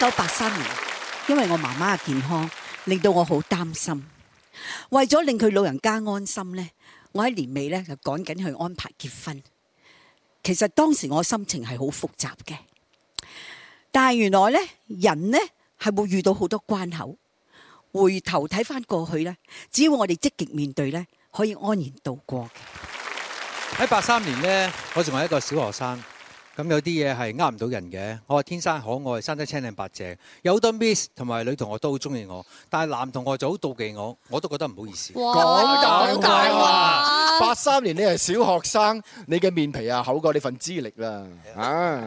九八三年，因為我媽媽嘅健康令到我好擔心，為咗令佢老人家安心呢，我喺年尾呢就趕緊去安排結婚。其實當時我心情係好複雜嘅，但係原來呢，人呢係會遇到好多關口，回頭睇返過去呢，只要我哋積極面對呢，可以安然度過嘅。喺八三年呢，我仲係一個小學生。咁有啲嘢係呃唔到人嘅，我係天生可愛，生得青靚白淨，有好多 Miss 同埋女同學都好中意我，但係男同學就好妒忌我，我都覺得唔好意思。講大話，八三年你係小學生，你嘅面皮啊厚過你份資歷啦啊！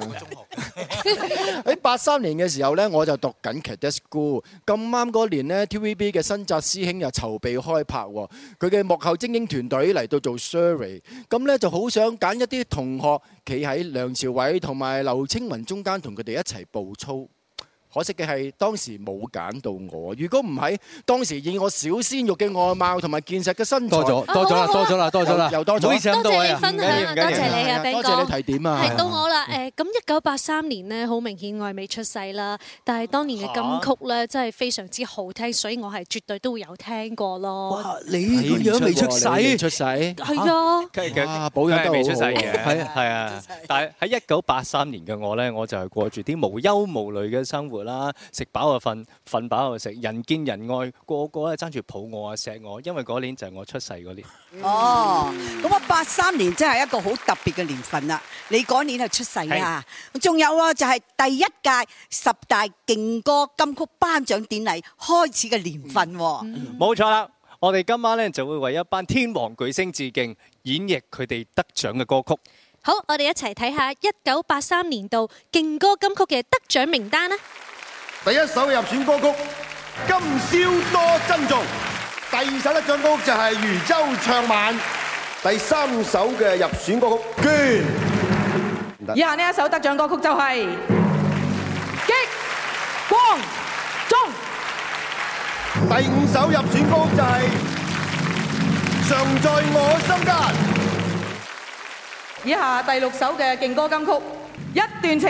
喺八三年嘅時候咧，我就讀緊 Cadet School，咁啱嗰年咧 TVB 嘅新紮師兄又籌備開拍，佢嘅幕後精英團隊嚟到做 survey，咁咧就好想揀一啲同學企喺梁朝位同埋劉青雲中間，同佢哋一齊爆粗。可惜嘅係當時冇揀到我。如果唔係，當時以我小鮮肉嘅外貌同埋健碩嘅身材，多咗，多咗啦，多咗啦，多咗啦，又多咗，多謝你分享啊，多謝你啊，炳哥。多謝你提點啊。係到我啦。誒，咁一九八三年咧，好明顯我係未出世啦。但係當年嘅金曲咧，真係非常之好聽，所以我係絕對都會有聽過咯。哇！你咁樣未出世？出世。係啊。哇！保養都未出世嘅。係啊。係啊。但係喺一九八三年嘅我咧，我就係過住啲無憂無慮嘅生活。啦，食飽就瞓，瞓飽就食，人見人愛，個個咧爭住抱我啊錫我，因為嗰年就係我出世嗰年。哦，咁我八三年真係一個好特別嘅年份啦，你嗰年係出世啦，仲的有啊就係第一屆十大勁歌金曲頒獎典禮開始嘅年份。冇、嗯、錯啦，我哋今晚咧就會為一班天王巨星致敬，演繹佢哋得獎嘅歌曲。好，我哋一齊睇下一九八三年度勁歌金曲嘅得獎名單啦。第一首入選歌曲《今宵多珍重》，第二首得獎歌曲就係《漁舟唱晚》，第三首嘅入選歌曲《娟》，以下呢一首得獎歌曲就係《激光中》，第五首入選歌曲就係《常在我心間》，以下第六首嘅勁歌金曲《一段情》。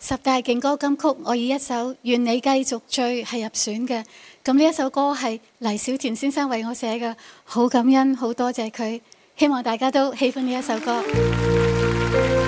十大勁歌金曲，我以一首《願你繼續醉》係入選嘅。咁呢一首歌係黎小田先生為我寫嘅，好感恩，好多謝佢。希望大家都喜歡呢一首歌。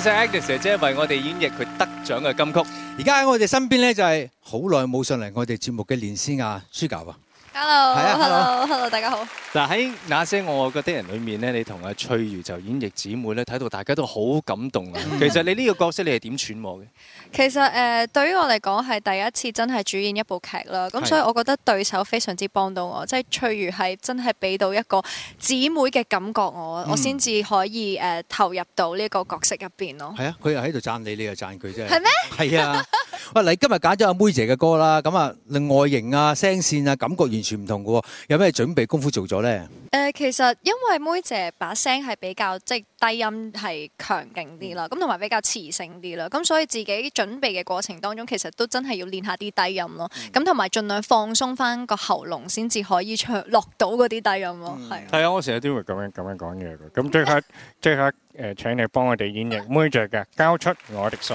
多謝 Agnes 姐姐為我哋演繹佢得獎嘅金曲。而家喺我哋身邊咧，就係好耐冇上嚟我哋節目嘅連詩雅舒教啊！書 hello，hello，hello，、啊、hello, hello, hello, hello, hello, hello, hello. hello, 大家好。嗱喺那些我愛的人裏面呢，你同阿翠如就演繹姊妹咧，睇到大家都好感動啊。嗯、其實你呢個角色你係點揣摩嘅？其實誒、呃，對於我嚟講係第一次真係主演一部劇啦。咁所以我覺得對手非常之幫到我，即、就、係、是、翠如係真係俾到一個姊妹嘅感覺我，嗯、我我先至可以誒、呃、投入到呢個角色入邊咯。係啊，佢又喺度讚你，你又讚佢啫。係咩？係啊。喂，嗱，你今日揀咗阿妹姐嘅歌啦，咁啊，另外形啊、聲線啊、感覺完全。全唔同嘅，有咩準備功夫做咗咧？誒、呃，其實因為妹姐把聲係比較即係低音係強勁啲啦，咁同埋比較磁性啲啦，咁所以自己準備嘅過程當中，其實都真係要練下啲低音咯。咁同埋盡量放鬆翻個喉嚨，先至可以唱落到嗰啲低音咯。係、嗯。係啊，我成日都會咁樣咁樣講嘢嘅。咁即刻，即 刻，誒，請你幫我哋演繹妹姐嘅《交出我的心》。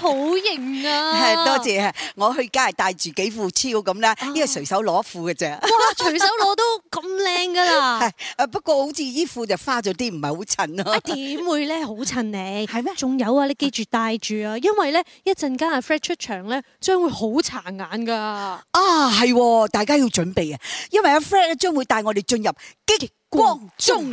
好型啊！係，多謝，我去街係帶住幾副超咁啦，因為隨手攞一副嘅啫，啊。哇！隨手攞都咁靚噶啦！係， 不過好似依副就花咗啲，唔係好襯咯。點，啊、會咧？好襯你係咩？仲嗎有啊！你記住戴住啊，因為咧一陣間阿 Fred 出場咧，將會好殘眼噶。啊，係，哦，大家要準備啊，因為阿 Fred 咧將會帶我哋進入激光中。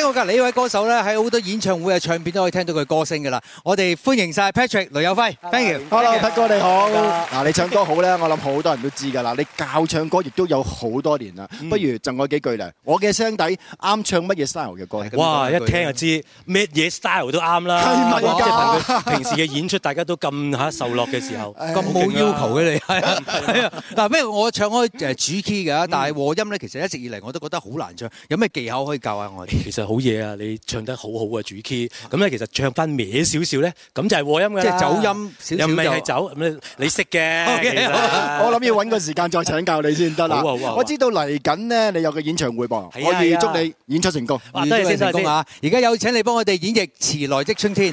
聽過㗎，你呢位歌手咧喺好多演唱會嘅唱片都可以聽到佢歌聲㗎啦。我哋歡迎曬 Patrick 雷有輝，thank you。Hello，Pat 哥你好。嗱你唱歌好咧，我諗好多人都知㗎啦。你教唱歌亦都有好多年啦，不如贈我幾句咧。我嘅聲底啱唱乜嘢 style 嘅歌？哇，一聽就知乜嘢 style 都啱啦。今日今日同佢平時嘅演出，大家都咁嚇受落嘅時候，咁冇要求嘅你係啊。但係咩？我唱開誒主 key 㗎，但係和音咧，其實一直以嚟我都覺得好難唱。有咩技巧可以教下我哋？其實。好嘢啊！你唱得好好啊，主 key。咁咧，其實唱翻咩少少咧，咁就係和音噶啦。即係走音又唔係係走咁 你識嘅 Okay, 實。我諗要揾個時間再請教你先得啦。好好好我知道嚟緊咧，你有個演唱會噃，可以、啊、祝你演出成功。多謝先生先嚇。而家有請你幫我哋演繹《遲來的春天》。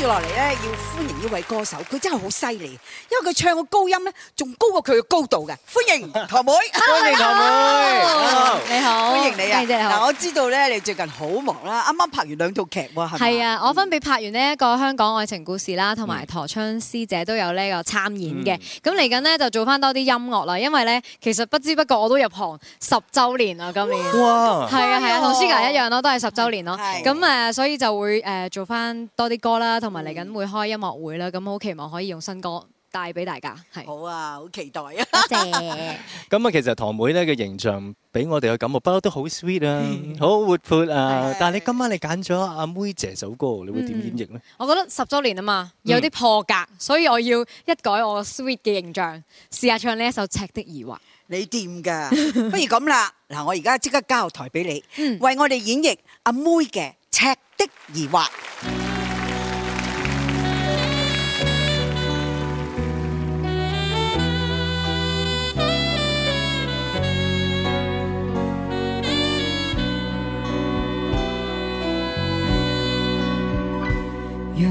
接落嚟咧，要歡迎呢位歌手，佢真係好犀利，因為佢唱嘅高音咧，仲高過佢嘅高度嘅。歡迎，啊、歡迎糖妹，好歡迎糖妹，你好，歡迎你啊！嗱，我知道咧，你最近好忙啦，啱啱拍完兩套劇喎，啊，我分別拍完呢一個香港愛情故事啦，同埋《陀槍師姐》都有呢個參演嘅。咁嚟緊呢就做翻多啲音樂啦，因為咧其實不知不覺我都入行十週年啦，今年，哇，係啊係啊，同思格一樣咯，都係十週年咯。咁誒、啊啊，所以就會誒做翻多啲歌啦，同埋嚟緊會開音樂會啦，咁好期望可以用新歌帶俾大家，係。好啊，好期待啊！多謝。咁啊，其實糖妹咧嘅形象俾我哋嘅感覺，不嬲都好 sweet 啊，好 活潑啊。對對對對，但係你今晚你揀咗阿妹姐首歌，你會點演繹呢？嗯？我覺得十周年啊嘛，有啲破格，嗯、所以我要一改我 sweet 嘅形象，試下唱呢一首《赤的疑惑》。你掂噶？ 不如咁啦，嗱，我而家即刻交台俾你，嗯、為我哋演繹阿妹嘅《赤的疑惑》。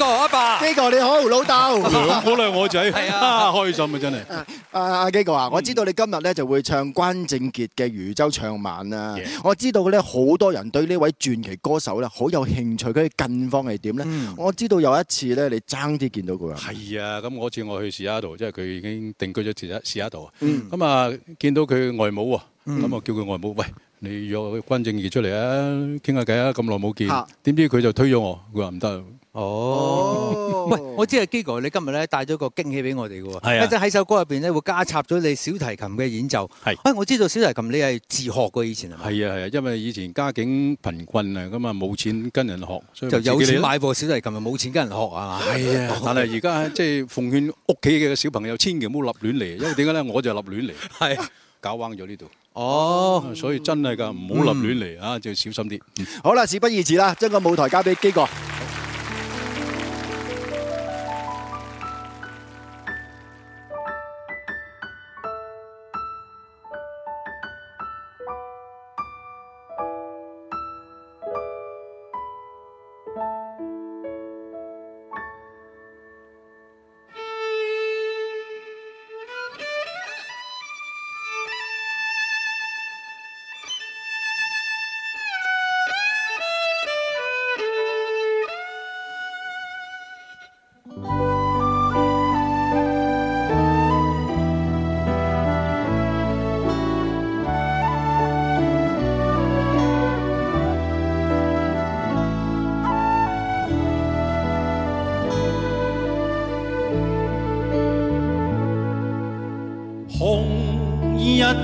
基哥阿爸，基哥你好，老豆，好靚我仔，開心啊真係。阿、啊、基哥啊，我，我知道你今日咧就會唱關正傑嘅《漁舟唱晚》啊。Yeah. 我知道咧好多人對呢位傳奇歌手咧好有興趣，佢近況係點咧？嗯、我知道有一次咧，你爭啲見到佢。係啊，咁我次我去西雅圖，即係佢已經定居咗西雅西雅圖。咁、嗯、啊，見到佢外母喎，咁、嗯、我叫佢外母，喂，你約關正傑出嚟啊，傾下偈啊，咁耐冇見，點是知佢就推咗我，佢話唔得。哦，喂！我知係，基哥，你今日咧帶咗個驚喜俾我哋嘅，係啊。一陣喺首歌入邊咧會加插咗你小提琴嘅演奏。係，喂，我知道小提琴你係自學嘅，以前係嘛？係啊係啊，因為以前家境貧困啊，咁啊冇錢跟人學，就有錢買部小提琴，冇錢跟人學啊。係啊，但係而家即係奉勸屋企嘅小朋友，千祈唔好立亂嚟，因為點解咧？我就立亂嚟，係搞彎咗呢度。哦，所以真係噶，唔好立亂嚟啊，就小心啲。好啦，事不宜遲啦，將個舞台交俾基哥。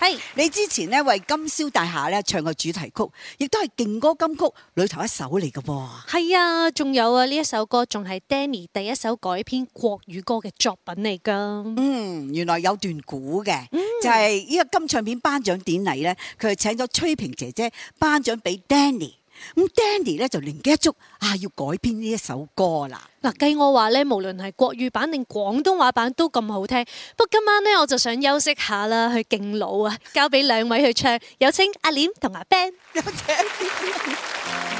係 Hey, 你之前咧為金宵大廈咧唱個主題曲，亦都係勁歌金曲裏頭一首嚟噶噃。係啊，仲有啊，呢一首歌仲係 Danny 第一首改編國語歌嘅作品嚟噶。嗯，原來有段古嘅，嗯、就係呢個金唱片頒獎典禮咧，佢係請咗崔萍姐姐頒獎俾 Danny。咁 Danny 咧就靈機一觸啊，要改編呢一首歌啦。嗱、啊，計我話咧，無論係國語版定廣東話版都咁好聽。不過今晚咧，我就想休息下啦，去敬老啊，交俾兩位去唱。有請阿廉同阿 Ben。有請。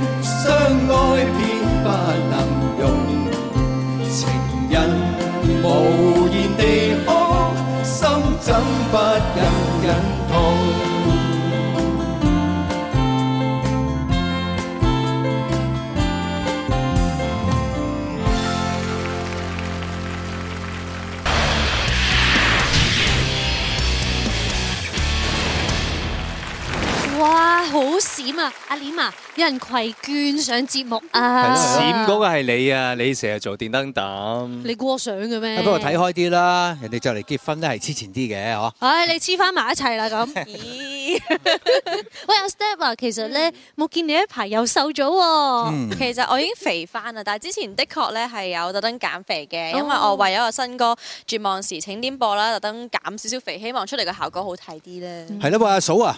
阿稔啊，啊，有人攜眷上節目啊！啊閃嗰個係你啊！你成日做電燈膽、哎，你過相嘅咩？不如睇開啲啦，人哋就嚟結婚都係黐纏啲嘅嗬。唉、 哎，你黐翻埋一齊啦咁。喂，阿 Step 啊，Step, 其實咧冇、嗯、見你一排又瘦咗喎。嗯、其實我已經肥翻啦，但係之前的確咧係有特登減肥嘅，因為我為咗一個新歌《絕望時請點播》啦，特登減少少肥，希望出嚟嘅效果好睇啲咧。係啦、嗯，阿嫂啊！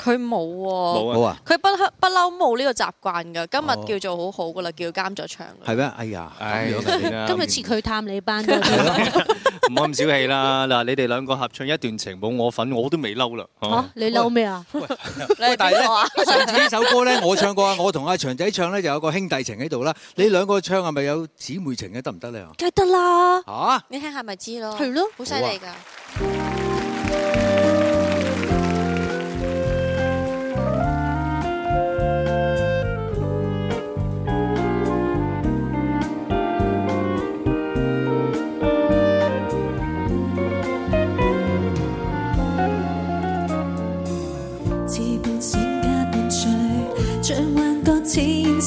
佢冇喎，佢不不嬲冇呢個習慣噶，今日叫做好好噶啦，叫監咗場。係咩？哎呀，今日似佢探你班。唔好咁小氣啦！嗱，你哋兩個合唱一段情，冇我份，我都未嬲啦。嚇，你嬲咩啊？你大哥上次呢首歌咧，我唱過啊，我同阿祥仔唱咧就有個兄弟情喺度啦。你兩個唱係咪有姊妹情嘅得唔得咧？梗係得啦。嚇？你聽下咪知咯。係咯，好犀利㗎。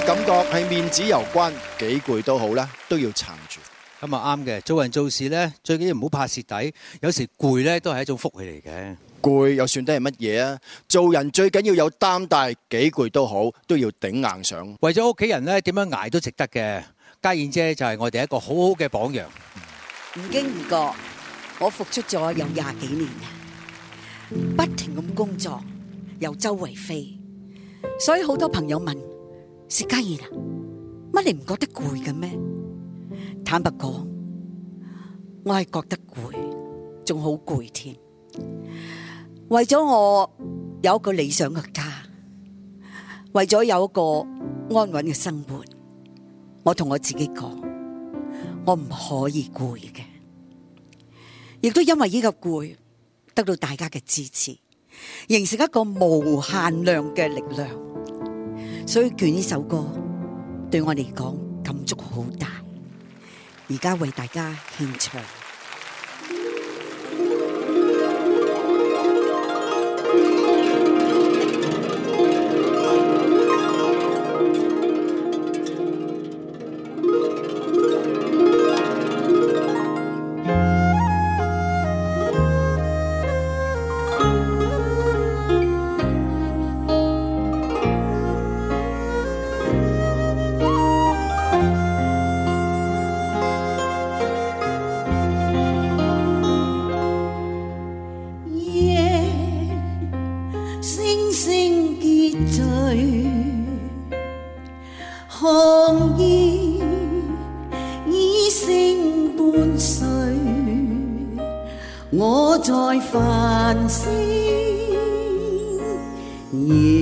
感覺係面子有關，幾攰都好啦，都要撐住。咁啊啱嘅，做人做事咧，最緊要唔好怕蝕底。有時攰咧，都係一種福氣嚟嘅。攰又算得係乜嘢啊？做人最緊要有擔帶，幾攰都好，都要頂硬上。為咗屋企人咧，點樣挨都值得嘅。嘉燕姐就係我哋一個好好嘅榜樣。唔經唔覺，我復出咗有廿幾年，不停咁工作，又周圍飛，所以好多朋友問。薛家燕啊！乜你唔覺得攰嘅咩？坦白講，我係覺得攰，仲好攰添。為咗我有一個理想嘅家，為咗有一個安穩嘅生活，我同我自己講，我唔可以攰嘅。亦都因為呢個攰，得到大家嘅支持，形成一個無限量嘅力量。所以卷呢首歌對我嚟講感觸好大，而家為大家獻唱。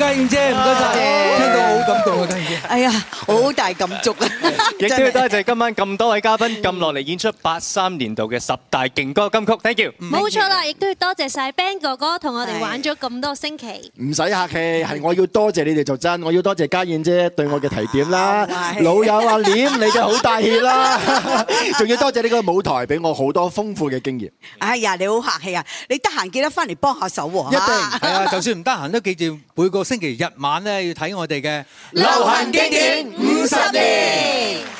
家燕姐，唔該曬，聽到我好感動啊！姐哎呀，好大感觸啊！亦都 要多謝今晚咁多位嘉賓，咁落嚟演出。八三年度嘅十大勁歌金曲，Thank you, Thank you。冇錯啦，亦都要多謝晒 Ben 哥哥同我哋玩咗咁多星期。唔使客氣，係我要多謝你哋就真，我要多謝家燕姐對我嘅提點啦， 老友啊，唸 你嘅好大獻啦，仲 要多謝呢個舞台俾我好多豐富嘅經驗。哎呀，你好客氣啊，你得閒記得翻嚟幫下手喎。一定 係啊，就算唔得閒都記住每個星期日晚咧要睇我哋嘅流行經典五十年。